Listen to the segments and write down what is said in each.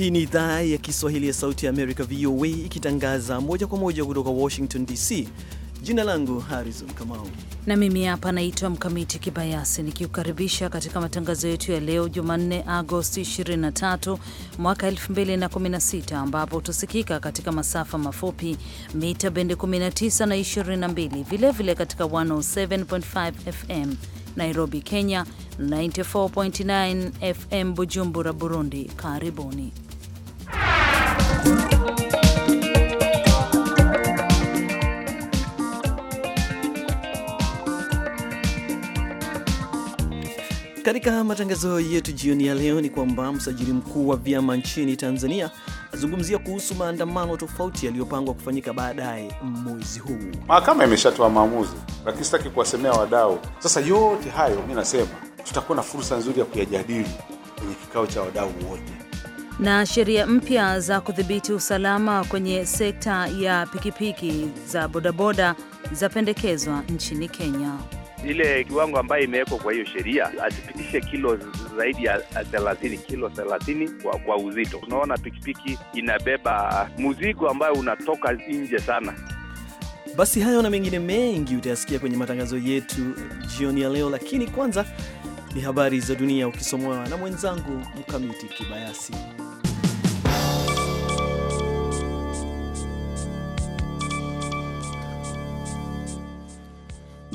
Hii ni idhaa ya Kiswahili ya Sauti ya Amerika, VOA, ikitangaza moja kwa moja kutoka Washington DC. Jina langu Harrison Kamau na mimi hapa naitwa Mkamiti Kibayasi nikiukaribisha katika matangazo yetu ya leo Jumanne, Agosti 23 mwaka 2016, ambapo utasikika katika masafa mafupi mita bendi 19 na 22, vilevile katika 107.5 FM Nairobi, Kenya, 94.9 FM Bujumbura, Burundi. Karibuni. Katika matangazo yetu jioni ya leo ni kwamba msajili mkuu wa vyama nchini Tanzania azungumzia kuhusu maandamano tofauti yaliyopangwa kufanyika baadaye mwezi huu. Mahakama imeshatoa maamuzi, lakini sitaki kuwasemea wadau. Sasa yote hayo mi nasema tutakuwa na fursa nzuri ya kuyajadili kwenye kikao cha wadau wote. Na sheria mpya za kudhibiti usalama kwenye sekta ya pikipiki za bodaboda zapendekezwa nchini Kenya ile kiwango ambayo imewekwa kwa hiyo sheria, asipitishe kilo zaidi ya thelathini, kilo thelathini kwa, kwa uzito. Tunaona pikipiki inabeba mzigo ambayo unatoka nje sana. Basi hayo na mengine mengi utayasikia kwenye matangazo yetu jioni ya leo, lakini kwanza ni habari za dunia ukisomewa na mwenzangu Mkamiti Kibayasi.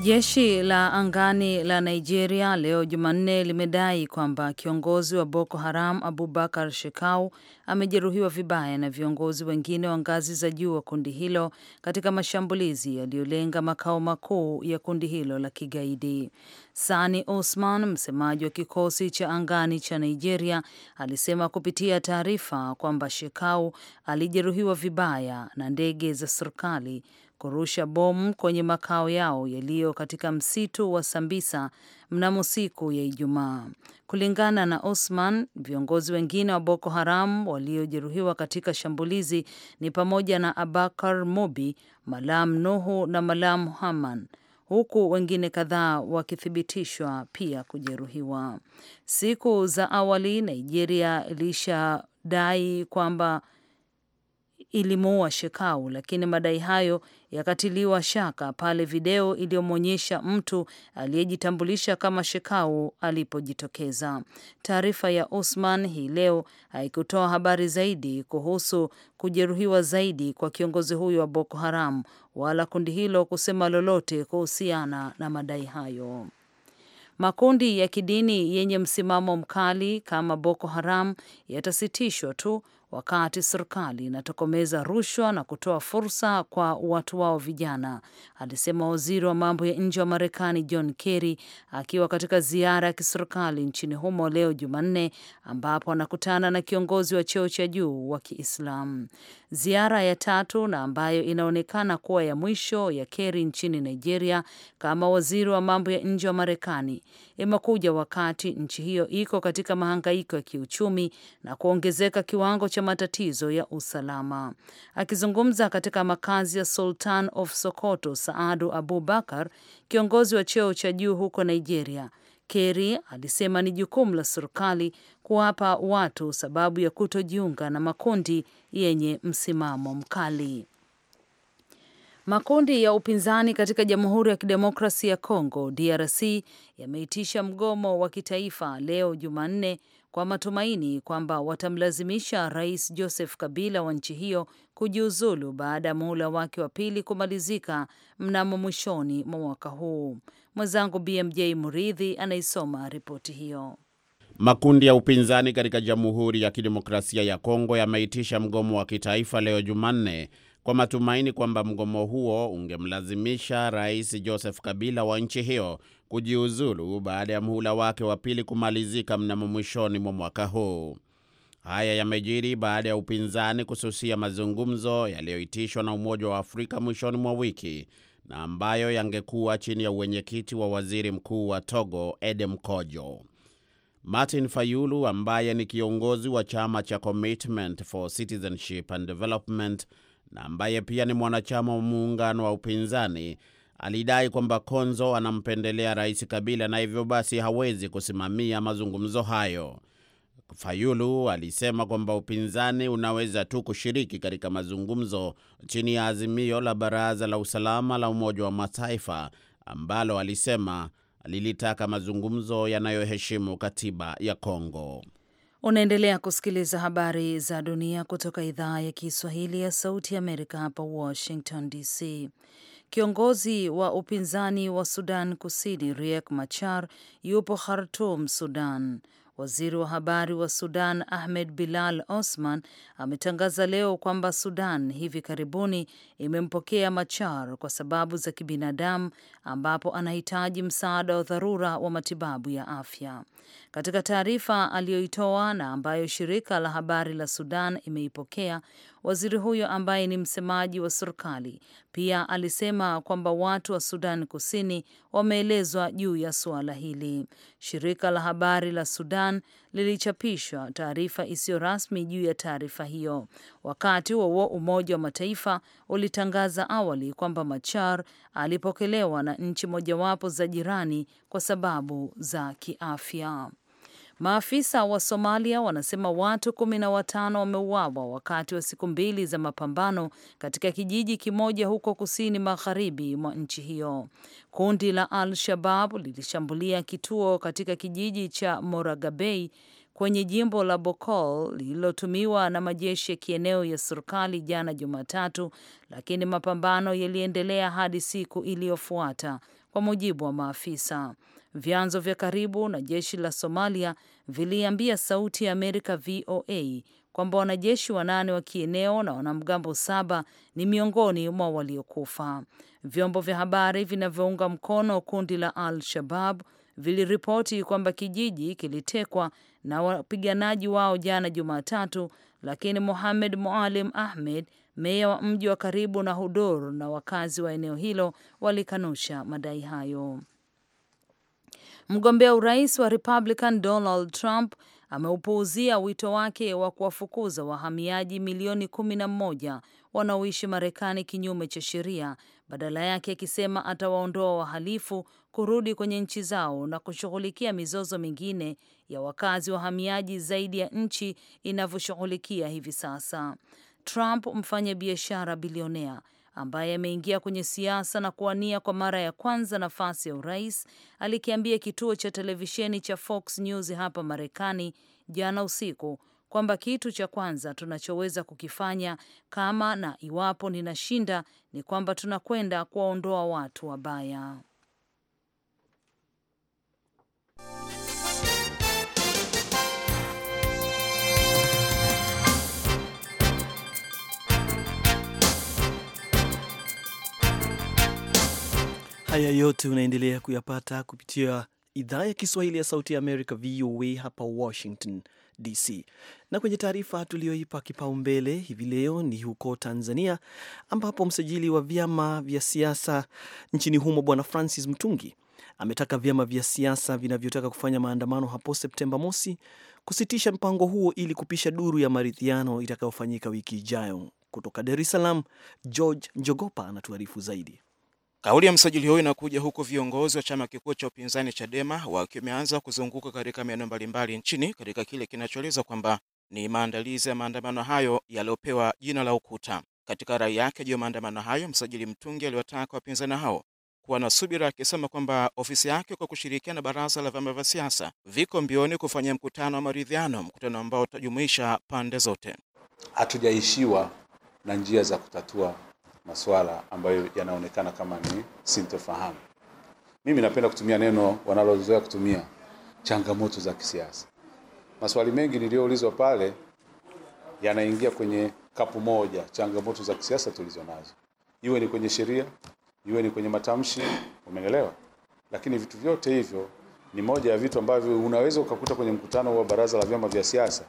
Jeshi la angani la Nigeria leo Jumanne limedai kwamba kiongozi wa Boko Haram Abubakar Shekau amejeruhiwa vibaya na viongozi wengine wa ngazi za juu wa kundi hilo katika mashambulizi yaliyolenga makao makuu ya kundi hilo la kigaidi. Sani Osman, msemaji wa kikosi cha angani cha Nigeria, alisema kupitia taarifa kwamba Shekau alijeruhiwa vibaya na ndege za serikali kurusha bomu kwenye makao yao yaliyo katika msitu wa Sambisa mnamo siku ya Ijumaa. Kulingana na Osman, viongozi wengine wa Boko Haram waliojeruhiwa katika shambulizi ni pamoja na Abakar Mobi, Malam Nuhu na Malam Haman huku wengine kadhaa wakithibitishwa pia kujeruhiwa. Siku za awali Nigeria ilishadai kwamba ilimuua Shekau, lakini madai hayo yakatiliwa shaka pale video iliyomwonyesha mtu aliyejitambulisha kama Shekau alipojitokeza. Taarifa ya Osman hii leo haikutoa habari zaidi kuhusu kujeruhiwa zaidi kwa kiongozi huyo wa Boko Haram wala kundi hilo kusema lolote kuhusiana na madai hayo. Makundi ya kidini yenye msimamo mkali kama Boko Haram yatasitishwa tu wakati serikali inatokomeza rushwa na kutoa fursa kwa watu wao vijana, alisema waziri wa mambo ya nje wa Marekani John Kerry akiwa katika ziara ya kiserikali nchini humo leo Jumanne, ambapo anakutana na kiongozi wa cheo cha juu wa Kiislamu. Ziara ya tatu na ambayo inaonekana kuwa ya mwisho ya Kerry nchini Nigeria kama waziri wa mambo ya nje wa Marekani imekuja wakati nchi hiyo iko katika mahangaiko ya kiuchumi na kuongezeka kiwango cha matatizo ya usalama. Akizungumza katika makazi ya Sultan of Sokoto, Saadu Abubakar, kiongozi wa cheo cha juu huko Nigeria, Kerry alisema ni jukumu la serikali kuwapa watu sababu ya kutojiunga na makundi yenye msimamo mkali. Makundi ya upinzani katika Jamhuri ya Kidemokrasia ya Kongo DRC yameitisha mgomo wa kitaifa leo Jumanne kwa matumaini kwamba watamlazimisha Rais Joseph Kabila wa nchi hiyo kujiuzulu baada ya muhula wake wa pili kumalizika mnamo mwishoni mwa mwaka huu. Mwenzangu BMJ Muridhi anaisoma ripoti hiyo. Makundi ya upinzani katika Jamhuri ya Kidemokrasia ya Kongo yameitisha mgomo wa kitaifa leo Jumanne kwa matumaini kwamba mgomo huo ungemlazimisha Rais Joseph Kabila wa nchi hiyo kujiuzulu baada ya mhula wake wa pili kumalizika mnamo mwishoni mwa mwaka huu. Haya yamejiri baada ya upinzani kususia mazungumzo yaliyoitishwa na Umoja wa Afrika mwishoni mwa wiki na ambayo yangekuwa chini ya uwenyekiti wa waziri mkuu wa Togo Edem Kojo. Martin Fayulu ambaye ni kiongozi wa chama cha Commitment for Citizenship and Development na ambaye pia ni mwanachama wa muungano wa upinzani alidai kwamba Konzo anampendelea Rais Kabila na hivyo basi hawezi kusimamia mazungumzo hayo. Fayulu alisema kwamba upinzani unaweza tu kushiriki katika mazungumzo chini ya azimio la Baraza la Usalama la Umoja wa Mataifa ambalo alisema lilitaka mazungumzo yanayoheshimu katiba ya Kongo. Unaendelea kusikiliza habari za dunia kutoka idhaa ya Kiswahili ya Sauti ya Amerika, hapa Washington DC. Kiongozi wa upinzani wa Sudan Kusini Riek Machar yupo Khartoum, Sudan, Waziri wa habari wa Sudan Ahmed Bilal Osman ametangaza leo kwamba Sudan hivi karibuni imempokea Machar kwa sababu za kibinadamu, ambapo anahitaji msaada wa dharura wa matibabu ya afya. Katika taarifa aliyoitoa na ambayo shirika la habari la Sudan imeipokea, waziri huyo ambaye ni msemaji wa serikali pia alisema kwamba watu wa Sudan Kusini wameelezwa juu ya suala hili. Shirika la habari la Sudan lilichapishwa taarifa isiyo rasmi juu ya taarifa hiyo. Wakati huo Umoja wa Mataifa ulitangaza awali kwamba Machar alipokelewa na nchi mojawapo za jirani kwa sababu za kiafya. Maafisa wa Somalia wanasema watu kumi na watano wameuawa wakati wa siku mbili za mapambano katika kijiji kimoja huko kusini magharibi mwa nchi hiyo. Kundi la Al-Shabab lilishambulia kituo katika kijiji cha moragabei kwenye jimbo la Bokol lililotumiwa na majeshi ya kieneo ya serikali jana Jumatatu, lakini mapambano yaliendelea hadi siku iliyofuata, kwa mujibu wa maafisa. Vyanzo vya karibu na jeshi la Somalia viliambia Sauti ya Amerika VOA kwamba wanajeshi wanane wa kieneo na wanamgambo saba ni miongoni mwa waliokufa. Vyombo vya habari vinavyounga mkono kundi la Al-Shabab viliripoti kwamba kijiji kilitekwa na wapiganaji wao jana Jumatatu, lakini muhamed Mualim Ahmed, meya wa mji wa karibu na Hudur, na wakazi wa eneo hilo walikanusha madai hayo. Mgombea urais wa Republican Donald Trump ameupuuzia wito wake wa kuwafukuza wahamiaji milioni kumi na mmoja wanaoishi Marekani kinyume cha sheria, badala yake akisema atawaondoa wahalifu kurudi kwenye nchi zao na kushughulikia mizozo mingine ya wakazi wahamiaji zaidi ya nchi inavyoshughulikia hivi sasa. Trump, mfanya biashara bilionea, ambaye ameingia kwenye siasa na kuwania kwa mara ya kwanza nafasi ya urais, alikiambia kituo cha televisheni cha Fox News hapa Marekani jana usiku kwamba kitu cha kwanza tunachoweza kukifanya kama na iwapo ninashinda ni kwamba tunakwenda kuwaondoa watu wabaya. Haya yote unaendelea kuyapata kupitia idhaa ya Kiswahili ya Sauti ya Amerika, VOA hapa Washington DC. Na kwenye taarifa tuliyoipa kipaumbele hivi leo ni huko Tanzania, ambapo msajili wa vyama vya siasa nchini humo Bwana Francis Mtungi ametaka vyama vya siasa vinavyotaka kufanya maandamano hapo Septemba mosi kusitisha mpango huo ili kupisha duru ya maridhiano itakayofanyika wiki ijayo. Kutoka Dar es Salaam, George Njogopa anatuarifu zaidi. Kauli ya msajili huyo inakuja huku viongozi wa chama kikuu cha upinzani Chadema wakimeanza kuzunguka katika maeneo mbalimbali nchini katika kile kinachoelezwa kwamba ni maandalizi ya maandamano hayo yaliyopewa jina la Ukuta. Katika rai yake juu ya maandamano hayo, msajili Mtungi aliwataka wapinzani hao kuwa na subira, akisema kwamba ofisi yake kwa kushirikiana na baraza la vyama vya siasa viko mbioni kufanya mkutano wa maridhiano, mkutano ambao utajumuisha pande zote. Hatujaishiwa na njia za kutatua masuala ambayo yanaonekana kama ni sintofahamu. Mimi napenda kutumia neno wanalozoea kutumia, changamoto za kisiasa. Maswali mengi niliyoulizwa pale yanaingia kwenye kapu moja, changamoto za kisiasa tulizo nazo iwe ni kwenye sheria, iwe ni kwenye matamshi, umeelewa? Lakini vitu vyote hivyo ni moja ya vitu ambavyo unaweza ukakuta kwenye mkutano wa baraza la vyama vya siasa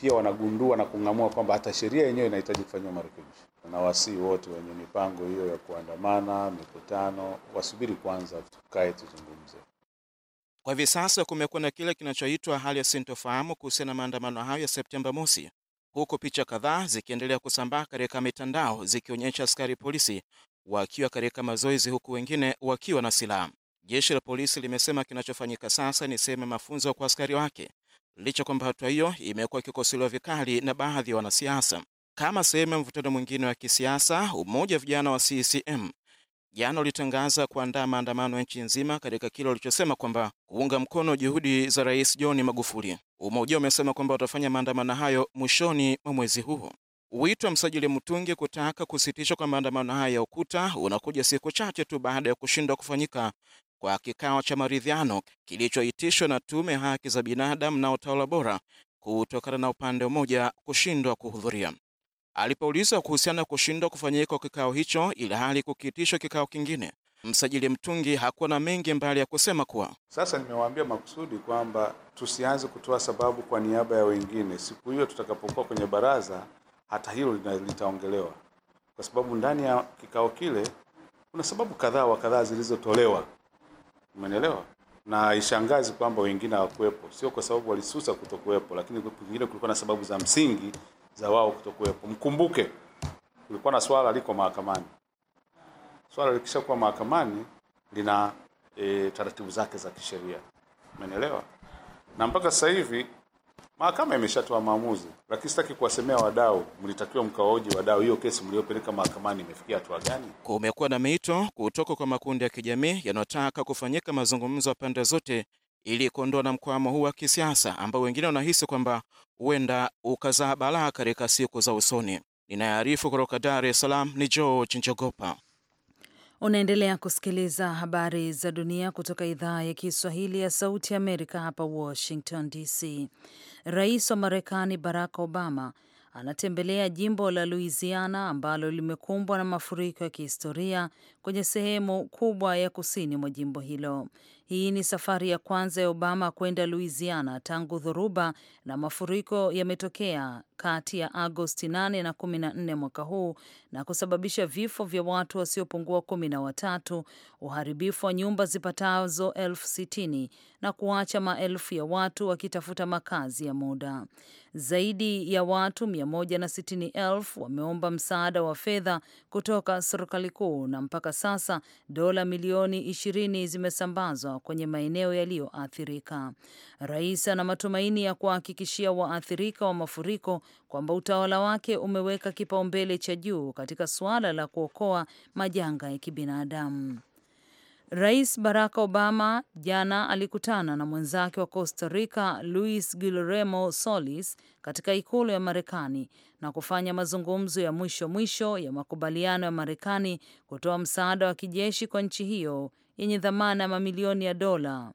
pia wanagundua na kung'amua kwamba hata sheria yenyewe inahitaji kufanyiwa marekebisho. Na wasii wote wenye mipango hiyo ya kuandamana, mikutano, wasubiri kwanza, tukae tuzungumze. Kwa hivi sasa kumekuwa na kile kinachoitwa hali ya sintofahamu kuhusiana na maandamano hayo ya Septemba mosi, huku picha kadhaa zikiendelea kusambaa katika mitandao zikionyesha askari polisi wakiwa katika mazoezi, huku wengine wakiwa na silaha. Jeshi la polisi limesema kinachofanyika sasa ni sehemu ya mafunzo kwa askari wake licha kwamba hatua hiyo imekuwa ikikosolewa vikali na baadhi ya wanasiasa kama sehemu ya mvutano mwingine wa kisiasa. Umoja wa vijana wa CCM jana ulitangaza kuandaa maandamano ya nchi nzima katika kile walichosema kwamba kuunga mkono juhudi za Rais John Magufuli. Umoja umesema kwamba watafanya maandamano hayo mwishoni mwa mwezi huu. Wito wa msajili Mtungi kutaka kusitishwa kwa maandamano haya ya UKUTA unakuja siku chache tu baada ya kushindwa kufanyika kwa kikao cha maridhiano kilichoitishwa na Tume ya Haki za Binadamu na Utawala Bora kutokana na upande mmoja kushindwa kuhudhuria. Alipoulizwa kuhusiana na kushindwa kufanyika kikao hicho ili hali kukiitishwa kikao kingine, msajili Mtungi hakuwa na mengi mbali ya kusema kuwa sasa, nimewaambia makusudi kwamba tusianze kutoa sababu kwa niaba ya wengine. Siku hiyo tutakapokuwa kwenye baraza, hata hilo litaongelewa, kwa sababu ndani ya kikao kile kuna sababu kadhaa wa kadhaa zilizotolewa Umeelewa? Na ishangazi kwamba wengine hawakuwepo, sio kwa sababu walisusa kutokuwepo, lakini wengine kulikuwa na sababu za msingi za wao kutokuwepo. Mkumbuke kulikuwa na swala liko mahakamani. Swala likishakuwa mahakamani lina e, taratibu zake za kisheria. Umeelewa? Na mpaka sasa hivi Mahakama imeshatoa maamuzi, lakini sitaki kuwasemea wadau. Mlitakiwa mkawaoji wadau, hiyo kesi mliyopeleka mahakamani imefikia hatua gani? Kumekuwa na miito kutoka kwa makundi ya kijamii yanayotaka kufanyika mazungumzo ya pande zote ili kuondoa na mkwamo huu wa kisiasa ambao wengine wanahisi kwamba huenda ukazaa balaa katika siku za usoni. Ninayearifu kutoka Dar es Salaam ni George Njogopa. Unaendelea kusikiliza habari za dunia kutoka idhaa ya Kiswahili ya Sauti ya Amerika, hapa Washington DC. Rais wa Marekani Barack Obama anatembelea jimbo la Louisiana ambalo limekumbwa na mafuriko ya kihistoria kwenye sehemu kubwa ya kusini mwa jimbo hilo. Hii ni safari ya kwanza ya Obama kwenda Louisiana tangu dhoruba na mafuriko yametokea kati ya Agosti 8 na 14 mwaka huu na kusababisha vifo vya watu wasiopungua kumi na watatu, uharibifu wa nyumba zipatazo elfu sitini na kuacha maelfu ya watu wakitafuta makazi ya muda. Zaidi ya watu 160,000 wameomba msaada wa fedha kutoka serikali kuu na mpaka sasa dola milioni 20 zimesambazwa kwenye maeneo yaliyoathirika. Rais ana matumaini ya kuhakikishia waathirika wa mafuriko kwamba utawala wake umeweka kipaumbele cha juu katika suala la kuokoa majanga ya kibinadamu. Rais Barack Obama jana alikutana na mwenzake wa Costa Rica Luis Guillermo Solis katika ikulu ya Marekani na kufanya mazungumzo ya mwisho mwisho ya makubaliano ya Marekani kutoa msaada wa kijeshi kwa nchi hiyo yenye dhamana ya mamilioni ya dola.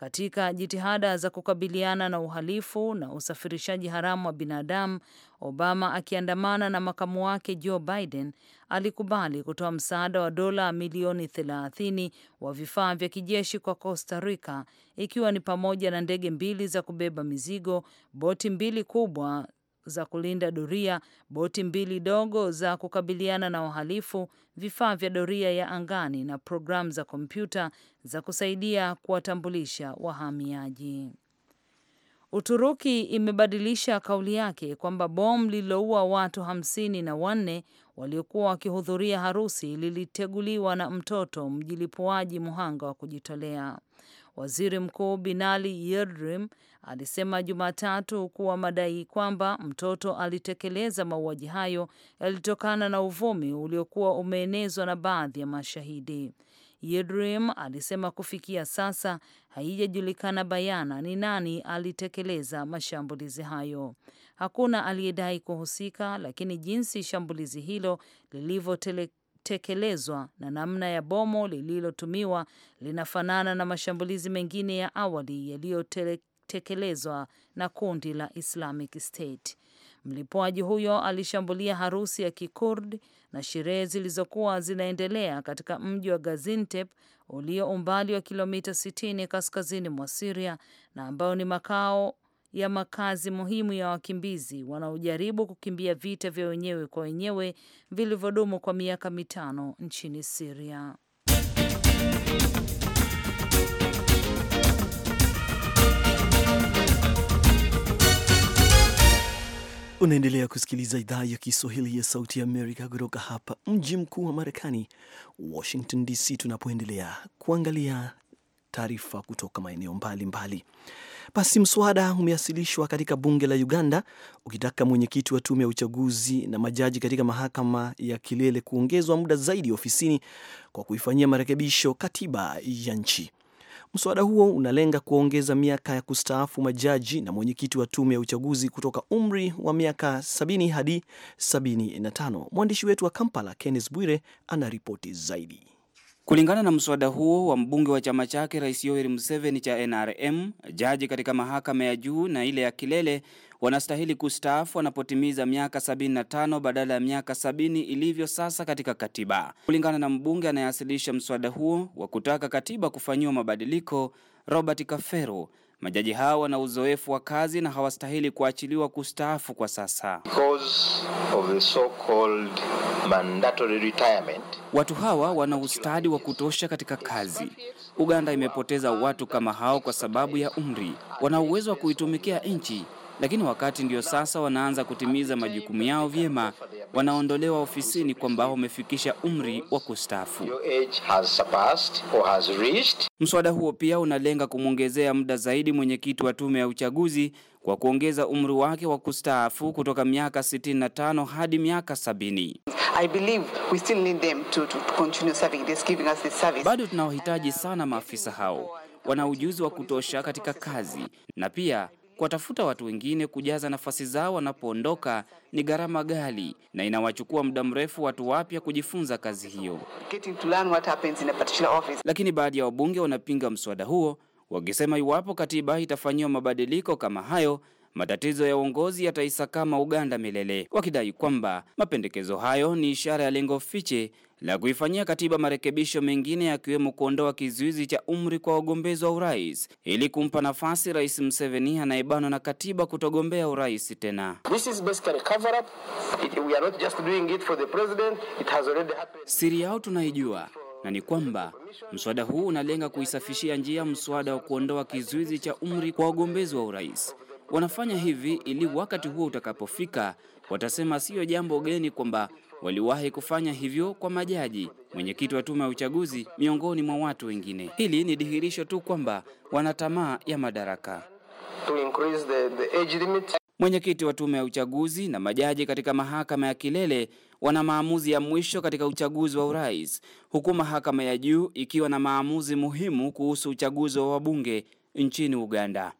Katika jitihada za kukabiliana na uhalifu na usafirishaji haramu wa binadamu, Obama akiandamana na makamu wake Joe Biden alikubali kutoa msaada wa dola milioni 30 wa vifaa vya kijeshi kwa Costa Rica, ikiwa ni pamoja na ndege mbili za kubeba mizigo, boti mbili kubwa za kulinda doria, boti mbili dogo za kukabiliana na uhalifu, vifaa vya doria ya angani na programu za kompyuta za kusaidia kuwatambulisha wahamiaji. Uturuki imebadilisha kauli yake kwamba bomu lililoua watu hamsini na wanne waliokuwa wakihudhuria harusi liliteguliwa na mtoto mjilipuaji mhanga wa kujitolea. Waziri Mkuu Binali Yildirim alisema Jumatatu kuwa madai kwamba mtoto alitekeleza mauaji hayo yalitokana na uvumi uliokuwa umeenezwa na baadhi ya mashahidi. Yildirim alisema kufikia sasa haijajulikana bayana ni nani alitekeleza mashambulizi hayo. Hakuna aliyedai kuhusika, lakini jinsi shambulizi hilo lilivyotekelezwa tekelezwa na namna ya bomo lililotumiwa linafanana na mashambulizi mengine ya awali yaliyotekelezwa na kundi la Islamic State. Mlipuaji huyo alishambulia harusi ya Kikurd na sherehe zilizokuwa zinaendelea katika mji wa Gaziantep ulio umbali wa kilomita 60 kaskazini mwa siria na ambao ni makao ya makazi muhimu ya wakimbizi wanaojaribu kukimbia vita vya wenyewe kwa wenyewe vilivyodumu kwa miaka mitano nchini siria Unaendelea kusikiliza idhaa ya Kiswahili ya Sauti ya Amerika kutoka hapa mji mkuu wa Marekani, Washington DC, tunapoendelea kuangalia taarifa kutoka maeneo mbalimbali. Basi mswada umewasilishwa katika bunge la Uganda ukitaka mwenyekiti wa tume ya uchaguzi na majaji katika mahakama ya kilele kuongezwa muda zaidi ofisini kwa kuifanyia marekebisho katiba ya nchi. Mswada huo unalenga kuongeza miaka ya kustaafu majaji na mwenyekiti wa tume ya uchaguzi kutoka umri wa miaka 70 hadi 75. Mwandishi wetu wa Kampala, Kenneth Bwire, ana ripoti zaidi. Kulingana na mswada huo wa mbunge wa chama chake Rais Yoweri Museveni cha NRM, jaji katika mahakama ya juu na ile ya kilele wanastahili kustaafu wanapotimiza miaka 75 badala ya miaka sabini ilivyo sasa katika katiba. Kulingana na mbunge anayewasilisha mswada huo wa kutaka katiba kufanyiwa mabadiliko, Robert Kafero Majaji hao wana uzoefu wa kazi na hawastahili kuachiliwa kustaafu kwa sasa. Watu hawa wana ustadi wa kutosha katika kazi. Uganda imepoteza watu kama hao kwa sababu ya umri. Wana uwezo wa kuitumikia nchi lakini wakati ndio sasa wanaanza kutimiza majukumu yao vyema, wanaondolewa ofisini kwamba wamefikisha umri wa kustaafu. Mswada huo pia unalenga kumwongezea muda zaidi mwenyekiti wa tume ya uchaguzi kwa kuongeza umri wake wa kustaafu kutoka miaka 65 hadi miaka 70. I Bado tunawahitaji sana maafisa hao, wana ujuzi wa kutosha katika kazi na pia Kuwatafuta watu wengine kujaza nafasi zao wanapoondoka ni gharama ghali na inawachukua muda mrefu watu wapya kujifunza kazi hiyo. Lakini baadhi ya wabunge wanapinga mswada huo wakisema iwapo katiba itafanyiwa mabadiliko kama hayo, matatizo ya uongozi yataisakama Uganda milele, wakidai kwamba mapendekezo hayo ni ishara ya lengo fiche la kuifanyia katiba marekebisho mengine yakiwemo kuondoa kizuizi cha umri kwa wagombezi wa urais ili kumpa nafasi Rais Museveni anayebanwa na katiba kutogombea urais tena. Siri yao tunaijua na ni kwamba mswada huu unalenga kuisafishia njia mswada wa kuondoa kizuizi cha umri kwa wagombezi wa urais. Wanafanya hivi ili wakati huo utakapofika, watasema siyo jambo geni kwamba waliwahi kufanya hivyo kwa majaji, mwenyekiti wa tume ya uchaguzi, miongoni mwa watu wengine. Hili ni dhihirisho tu kwamba wana tamaa ya madaraka. Mwenyekiti wa tume ya uchaguzi na majaji katika mahakama ya kilele wana maamuzi ya mwisho katika uchaguzi wa urais, huku mahakama ya juu ikiwa na maamuzi muhimu kuhusu uchaguzi wa wabunge nchini Uganda.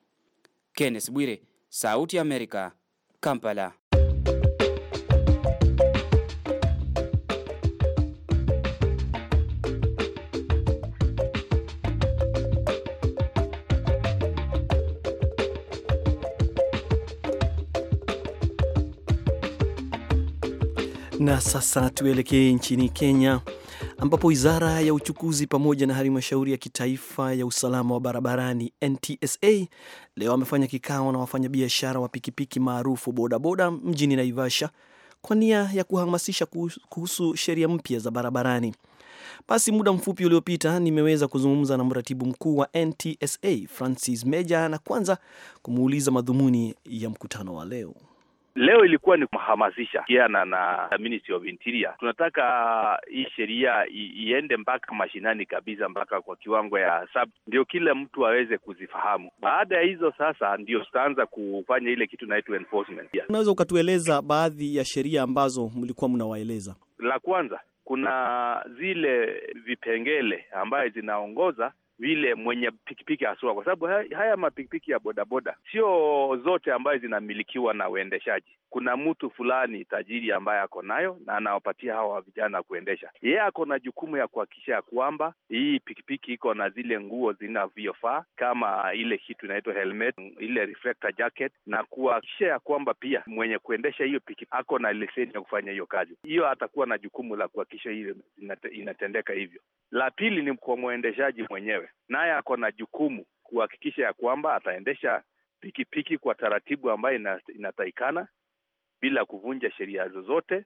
Kenneth Bwire, Sauti ya Amerika, Kampala. Na sasa tuelekee nchini Kenya ambapo wizara ya uchukuzi pamoja na halmashauri ya kitaifa ya usalama wa barabarani NTSA leo amefanya kikao na wafanyabiashara wa pikipiki maarufu bodaboda mjini Naivasha kwa nia ya kuhamasisha kuhusu sheria mpya za barabarani. Basi muda mfupi uliopita nimeweza kuzungumza na mratibu mkuu wa NTSA Francis Meja, na kwanza kumuuliza madhumuni ya mkutano wa leo. Leo ilikuwa ni kuhamasisha kiana na Ministry of Interior. Tunataka hii sheria iende mpaka mashinani kabisa, mpaka kwa kiwango ya sub, ndio kila mtu aweze kuzifahamu. Baada ya hizo sasa, ndio tutaanza kufanya ile kitu naitwa enforcement. Unaweza ukatueleza baadhi ya sheria ambazo mlikuwa mnawaeleza? La kwanza kuna zile vipengele ambaye zinaongoza vile mwenye pikipiki haswa, kwa sababu haya, mapikipiki ya bodaboda sio zote ambayo zinamilikiwa na uendeshaji. Kuna mtu fulani tajiri ambaye ako nayo na anawapatia hawa vijana kuendesha. Yeye ako na jukumu ya kuhakikisha ya kwamba hii pikipiki iko na zile nguo zinavyofaa, kama ile kitu inaitwa helmet, ile reflector jacket, na kuhakikisha ya kwamba pia mwenye kuendesha hiyo pikipiki ako na leseni ya kufanya hiyo kazi. Hiyo atakuwa na jukumu la kuhakikisha hiyo inatendeka hivyo. La pili ni kwa mwendeshaji mwenyewe naye ako na jukumu kuhakikisha ya kwamba ataendesha pikipiki piki kwa taratibu ambayo inataikana bila kuvunja sheria zozote,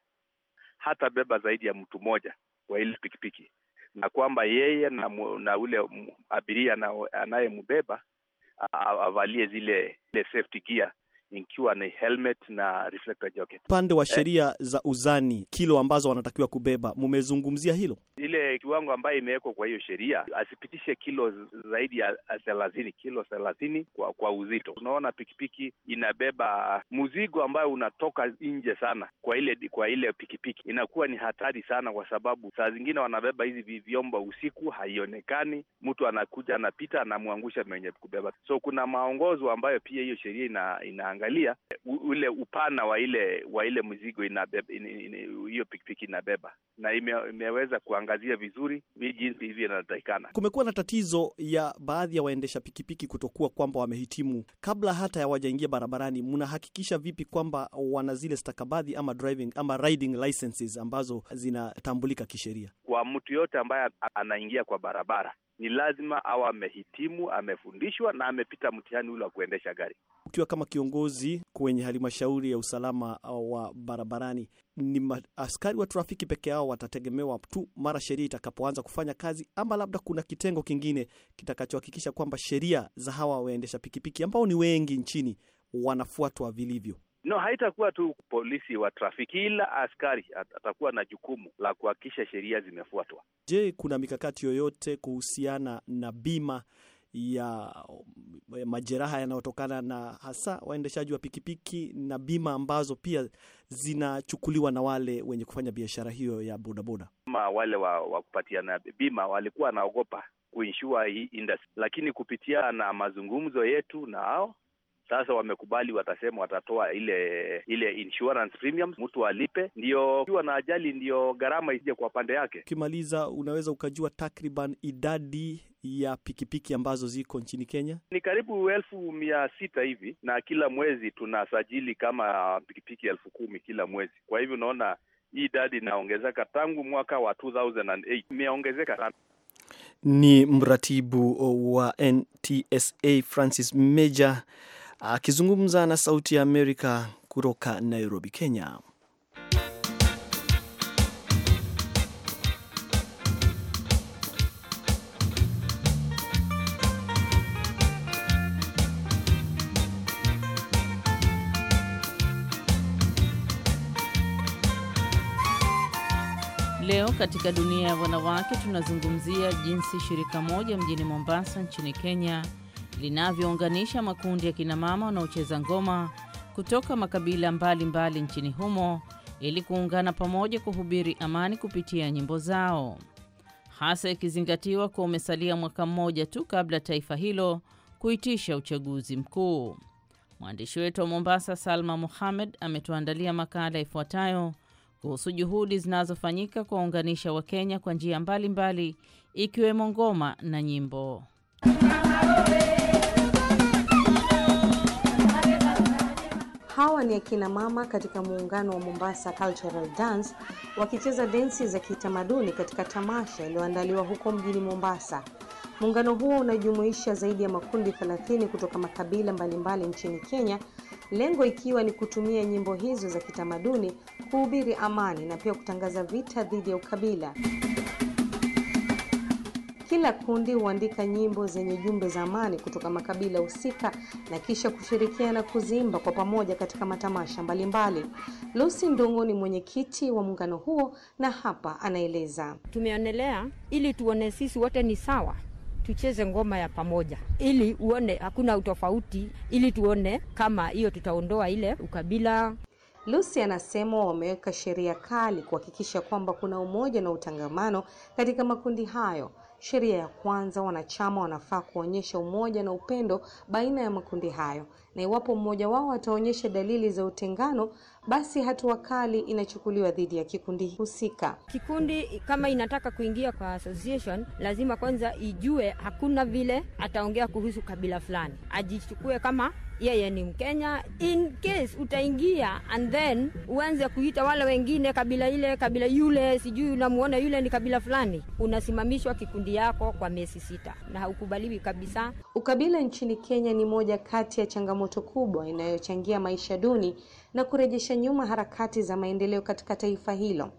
hata beba zaidi ya mtu mmoja kwa ile pikipiki, na kwamba yeye na, na ule abiria anayembeba avalie zile, zile safety gear ikiwa ni helmet na reflector jacket. Upande wa eh. sheria eh, za uzani kilo ambazo wanatakiwa kubeba, mumezungumzia hilo? Ile kiwango ambayo imewekwa kwa hiyo sheria asipitishe kilo zaidi ya thelathini, kilo thelathini kwa, kwa uzito. Tunaona pikipiki inabeba mzigo ambayo unatoka nje sana kwa ile kwa ile pikipiki, inakuwa ni hatari sana, kwa sababu saa zingine wanabeba hizi vyombo usiku, haionekani, mtu anakuja anapita, anamwangusha mwenye kubeba. So kuna maongozo ambayo pia hiyo sheria ina, ina ukiangalia ule upana wa ile wa ile mizigo inabeba hiyo pikipiki inabeba na ime, imeweza kuangazia vizuri hii jinsi hivi inatakikana. Kumekuwa na tatizo ya baadhi ya waendesha pikipiki kutokuwa kwamba wamehitimu kabla hata ya wajaingia barabarani. Mnahakikisha vipi kwamba wana zile stakabadhi ama driving ama riding licenses ambazo zinatambulika kisheria kwa mtu yote ambaye anaingia kwa barabara? ni lazima awa amehitimu, amefundishwa na amepita mtihani ule wa kuendesha gari. Ukiwa kama kiongozi kwenye halmashauri ya usalama wa barabarani, ni askari wa trafiki peke yao watategemewa tu mara sheria itakapoanza kufanya kazi, ama labda kuna kitengo kingine kitakachohakikisha kwamba sheria za hawa waendesha pikipiki ambao ni wengi nchini wanafuatwa vilivyo? No, haitakuwa tu polisi wa trafiki. Kila askari atakuwa na jukumu la kuhakikisha sheria zimefuatwa. Je, kuna mikakati yoyote kuhusiana na bima ya majeraha yanayotokana na hasa waendeshaji wa pikipiki na bima ambazo pia zinachukuliwa na wale wenye kufanya biashara hiyo ya bodaboda? ma wale wa, wa kupatiana bima walikuwa wanaogopa kuinshua hii industry, lakini kupitia na mazungumzo yetu na hao sasa wamekubali, watasema watatoa ile ile insurance premium, mtu alipe, ndio ukiwa na ajali ndiyo gharama isije kwa pande yake. Ukimaliza unaweza ukajua takriban idadi ya pikipiki ambazo ziko nchini Kenya ni karibu elfu mia sita hivi, na kila mwezi tunasajili kama pikipiki elfu kumi kila mwezi. Kwa hivyo unaona hii idadi inaongezeka tangu mwaka wa 2008 imeongezeka sana. Ni mratibu wa NTSA Francis Major akizungumza na Sauti ya Amerika kutoka Nairobi, Kenya. Leo katika dunia ya wanawake tunazungumzia jinsi shirika moja mjini Mombasa nchini Kenya linavyounganisha makundi ya kinamama wanaocheza ngoma kutoka makabila mbalimbali mbali nchini humo ili kuungana pamoja kuhubiri amani kupitia nyimbo zao, hasa ikizingatiwa kuwa umesalia mwaka mmoja tu kabla taifa hilo kuitisha uchaguzi mkuu. Mwandishi wetu wa Mombasa, Salma muhamed ametuandalia makala ifuatayo kuhusu juhudi zinazofanyika kuwaunganisha Wakenya kwa njia mbalimbali ikiwemo ngoma na nyimbo. Hawa ni akina mama katika muungano wa Mombasa Cultural Dance wakicheza densi za kitamaduni katika tamasha iliyoandaliwa huko mjini Mombasa. Muungano huo unajumuisha zaidi ya makundi 30 kutoka makabila mbalimbali nchini Kenya, lengo ikiwa ni kutumia nyimbo hizo za kitamaduni kuhubiri amani na pia kutangaza vita dhidi ya ukabila. Kila kundi huandika nyimbo zenye jumbe za amani kutoka makabila husika na kisha kushirikiana kuzimba kwa pamoja katika matamasha mbalimbali. Lucy Ndungu ni mwenyekiti wa muungano huo na hapa anaeleza. Tumeonelea ili tuone sisi wote ni sawa tucheze ngoma ya pamoja ili uone hakuna utofauti, ili tuone kama hiyo tutaondoa ile ukabila. Lucy anasema wameweka sheria kali kuhakikisha kwamba kuna umoja na utangamano katika makundi hayo. Sheria ya kwanza, wanachama wanafaa kuonyesha umoja na upendo baina ya makundi hayo, na iwapo mmoja wao ataonyesha dalili za utengano, basi hatua kali inachukuliwa dhidi ya kikundi husika. Kikundi kama inataka kuingia kwa association, lazima kwanza ijue hakuna vile ataongea kuhusu kabila fulani, ajichukue kama yeye ni Mkenya. In case utaingia and then uanze kuita wale wengine kabila ile kabila yule, sijui unamuona yule ni kabila fulani, unasimamishwa kikundi yako kwa miezi sita na haukubaliwi kabisa. Ukabila nchini Kenya ni moja kati ya changamoto kubwa inayochangia maisha duni na kurejesha nyuma harakati za maendeleo katika taifa hilo.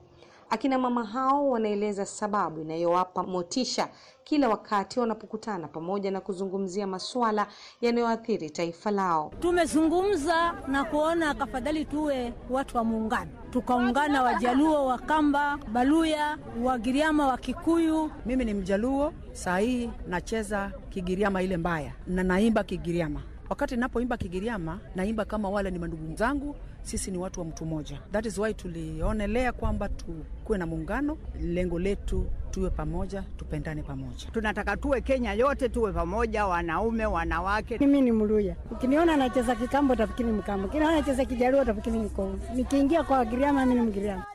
Akina mama hao wanaeleza sababu inayowapa motisha kila wakati wanapokutana pamoja na kuzungumzia masuala yanayoathiri taifa lao. Tumezungumza na kuona kafadhali tuwe watu wa muungano, tukaungana Wajaluo, Wakamba, Baluya, Wagiriama, Wakikuyu. Mimi ni Mjaluo, saa hii nacheza Kigiriama ile mbaya na naimba Kigiriama. Wakati napoimba Kigiriama naimba kama wale ni mandugu zangu sisi ni watu wa mtu mmoja. That is why tulionelea kwamba tukuwe na muungano. Lengo letu tuwe pamoja, tupendane pamoja. Tunataka tuwe Kenya yote, tuwe pamoja, wanaume, wanawake. Mimi ni Mluya, ukiniona nacheza Kikambo utafikiri Mkambo, ukiniona nacheza Kijaruo, utafikiri Mkoo, nikiingia kwa Wagiriama mimi ni Mgiriama.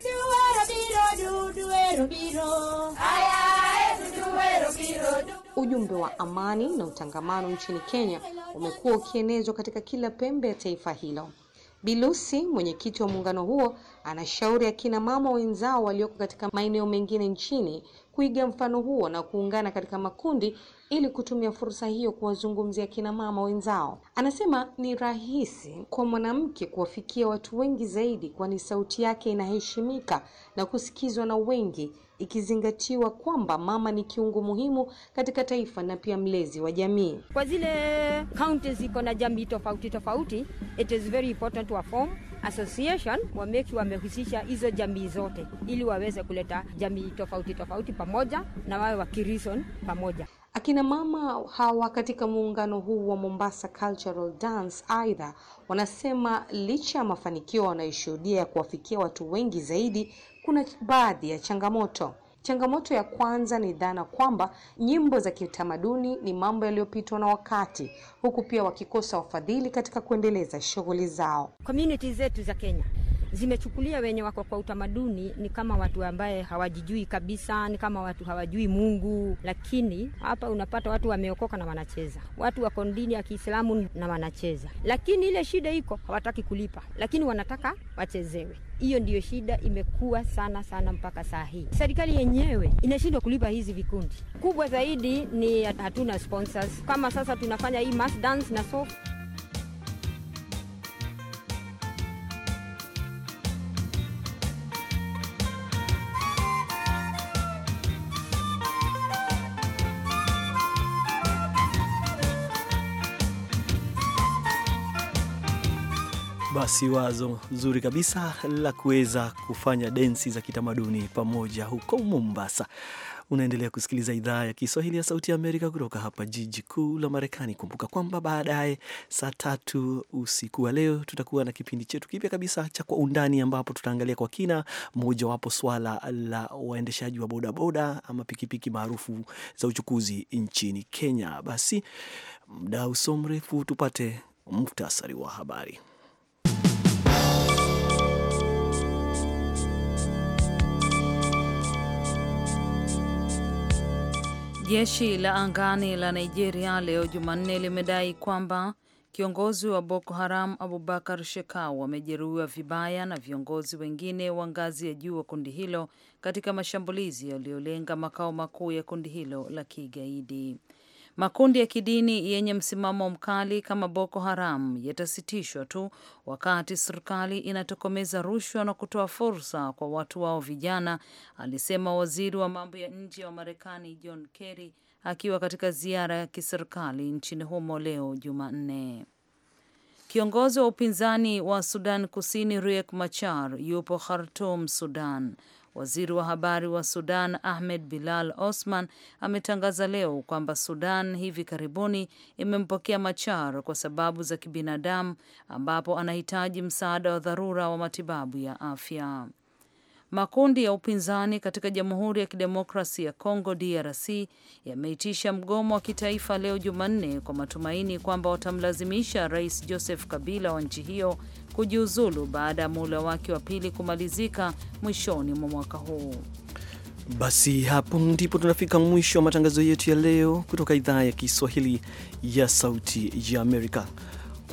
Ujumbe wa amani na utangamano nchini Kenya umekuwa ukienezwa katika kila pembe ya taifa hilo. Bilusi, mwenyekiti wa muungano huo, anashauri akina mama wenzao walioko katika maeneo mengine nchini kuiga mfano huo na kuungana katika makundi ili kutumia fursa hiyo kuwazungumzia kina mama wenzao. Anasema ni rahisi kwa mwanamke kuwafikia watu wengi zaidi, kwani sauti yake inaheshimika na kusikizwa na wengi ikizingatiwa kwamba mama ni kiungo muhimu katika taifa na pia mlezi wa jamii. Kwa zile kaunti ziko na jamii tofauti tofauti, it is very important to form association wameki wamehusisha hizo jamii zote ili waweze kuleta jamii tofauti tofauti pamoja na wawe kirison pamoja. Akina mama hawa katika muungano huu wa Mombasa Cultural Dance aidha wanasema licha ya mafanikio wanayoshuhudia ya kuwafikia watu wengi zaidi kuna baadhi ya changamoto. Changamoto ya kwanza ni dhana kwamba nyimbo za kitamaduni ni mambo yaliyopitwa na wakati, huku pia wakikosa wafadhili katika kuendeleza shughuli zao. Community zetu za Kenya zimechukulia wenye wako kwa utamaduni ni kama watu ambaye hawajijui kabisa, ni kama watu hawajui Mungu. Lakini hapa unapata watu wameokoka na wanacheza, watu wako dini ya Kiislamu na wanacheza, lakini ile shida iko hawataki kulipa, lakini wanataka wachezewe. Hiyo ndiyo shida imekuwa sana sana mpaka saa hii, serikali yenyewe inashindwa kulipa hizi vikundi. Kubwa zaidi ni hatuna sponsors. Kama sasa tunafanya hii mass dance na soft Basi wazo nzuri kabisa la kuweza kufanya densi za kitamaduni pamoja huko Mombasa. Unaendelea kusikiliza idhaa ya Kiswahili ya Sauti ya Amerika kutoka hapa jiji kuu la Marekani. Kumbuka kwamba baadaye saa tatu usiku wa leo tutakuwa na kipindi chetu kipya kabisa cha Kwa Undani, ambapo tutaangalia kwa kina mojawapo swala la waendeshaji wa bodaboda ama pikipiki maarufu za uchukuzi nchini Kenya. Basi muda usio mrefu tupate muhtasari wa habari. Jeshi la angani la Nigeria leo Jumanne limedai kwamba kiongozi wa Boko Haram Abubakar Shekau wamejeruhiwa vibaya na viongozi wengine wa ngazi ya juu wa kundi hilo katika mashambulizi yaliyolenga makao makuu ya kundi hilo la kigaidi. Makundi ya kidini yenye msimamo mkali kama Boko Haram yatasitishwa tu wakati serikali inatokomeza rushwa na kutoa fursa kwa watu wao vijana, alisema waziri wa mambo ya nje wa Marekani John Kerry akiwa katika ziara ya kiserikali nchini humo leo Jumanne. Kiongozi wa upinzani wa Sudan Kusini Riek Machar yupo khartum Sudan Waziri wa habari wa Sudan Ahmed Bilal Osman ametangaza leo kwamba Sudan hivi karibuni imempokea Machar kwa sababu za kibinadamu, ambapo anahitaji msaada wa dharura wa matibabu ya afya. Makundi ya upinzani katika Jamhuri ya Kidemokrasi ya congo DRC yameitisha mgomo wa kitaifa leo Jumanne kwa matumaini kwamba watamlazimisha Rais Joseph Kabila wa nchi hiyo kujiuzulu baada ya muhula wake wa pili kumalizika mwishoni mwa mwaka huu. Basi hapo ndipo tunafika mwisho wa matangazo yetu ya leo kutoka idhaa ya Kiswahili ya Sauti ya Amerika.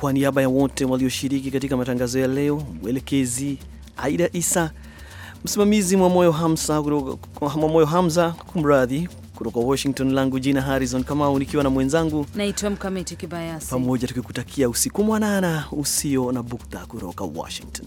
Kwa niaba ya wote walioshiriki katika matangazo ya leo, mwelekezi Aida Isa Msimamizi Mwamoyo Hamza, Mwamoyo Hamza, kumradhi kutoka Washington, langu jina Harrison Kamau, nikiwa na mwenzangu naitwa Mkamiti Kibayasi, pamoja tukikutakia usiku mwanana usio na bukta kutoka Washington.